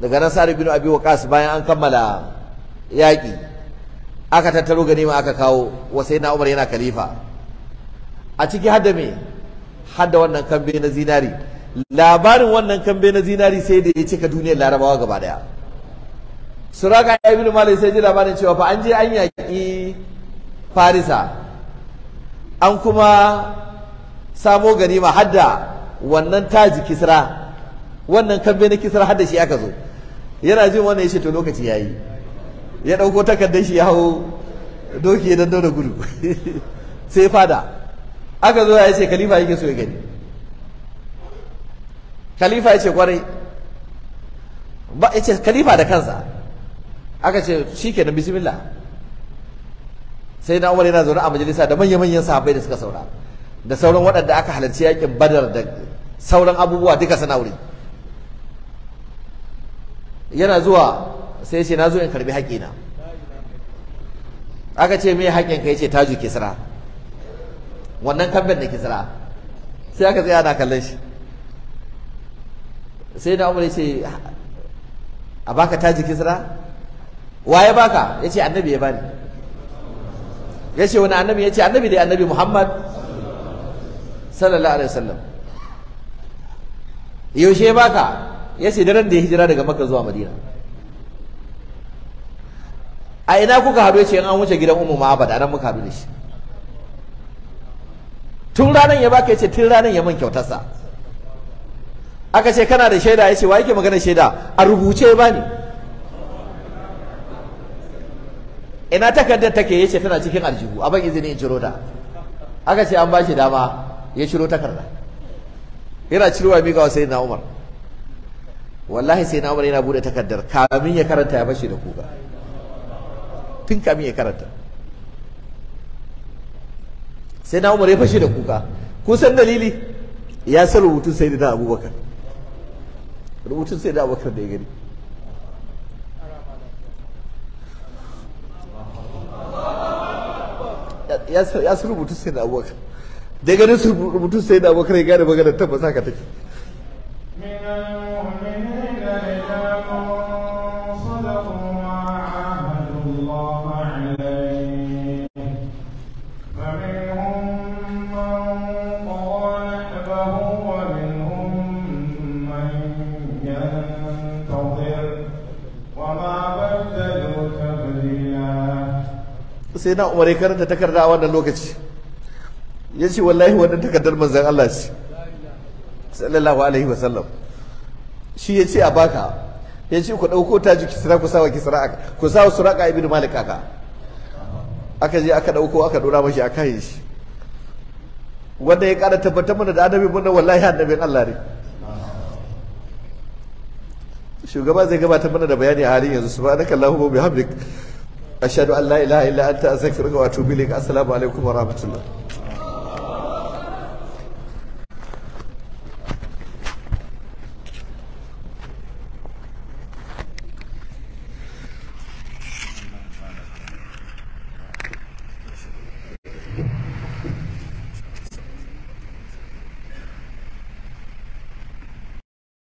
daga nan sa'ad bin abi waqas bayan an kammala yaƙi aka tattaro ganima aka kawo wa sayyidina umar yana khalifa a ciki hadda me hadda wannan kambe na zinari labarin wannan kambe na zinari sai da ya cika duniyar larabawa gaba daya suraka ibn malik sai ji labarin cewa fa an je an yaƙi farisa an kuma samo ganima hadda wannan taji kisra wannan kambe na kisra hadda shi aka zo yana jin wannan yace to lokaci yayi ya dauko takardar shi ya hawo doki ya dando da gudu sai fada aka zo ya ce khalifa yake so ya gani khalifa yace kwarai ba yace khalifa da kansa aka ce shikenan bismillah sai na Umar yana zaune a majalisa da manya-manyan sahabbai da suka saura da sauran waɗanda aka halarci yakin Badar da sauran abubuwa duka suna wuri yana zuwa sai ce na zo in karbi haƙina aka ce mai haƙin ka ce taju kisra wannan kamben da kisra sai aka tsaya ana kallon shi sai na umar ce a baka taji kisra waye baka ya ce annabi ya bani ya ce wani annabi ya ce annabi dai annabi muhammad sallallahu alaihi wasallam yaushe ya baka ya ce daren da ya hijira daga makka zuwa madina a ina kuka haɗu ya ce an wuce gidan umu da nan muka haɗu da shi tun ranar ya baka ya ce tun ranar ya man kyautarsa aka ce kana da shaida ya ce wa yake magana shaida a rubuce ya bani ina takardar take ya ce tana cikin aljihu a ban izini in ciro da aka ce an ba shi dama ya ciro takarda yana cirowa miƙa wa sayyidina umar wallahi sai na Umar yana bude takardar kamin ya karanta ya bashi da kuka tun kamin ya karanta sai na Umar ya bashi da kuka kun san dalili ya san rubutun sai da Abubakar rubutun sai da Abubakar da ya gani ya san rubutun sai da Abubakar da ganin rubutun sai da Abubakar ya gane maganar tabbasa ka take sai na umar ya karanta takarda a wannan lokaci ya ce wallahi wannan takardar manzan Allah ce sallallahu alaihi wa sallam shi ya ce a baka ya ce ku ɗauko taji kisra ku sawa kisra ku sawa suraka ibn malik aka aka je aka ɗauko aka ɗora mashi aka yi shi wanda ya ƙara tabbatar mana da annabi mun wallahi annabin Allah ne shugaba zai gabatar mana da bayani a halin yanzu subhanakallahumma wa bihamdika ashhadu an la ilaha illa anta astaghfiruka wa atubu ilaik assalamu alaikum wa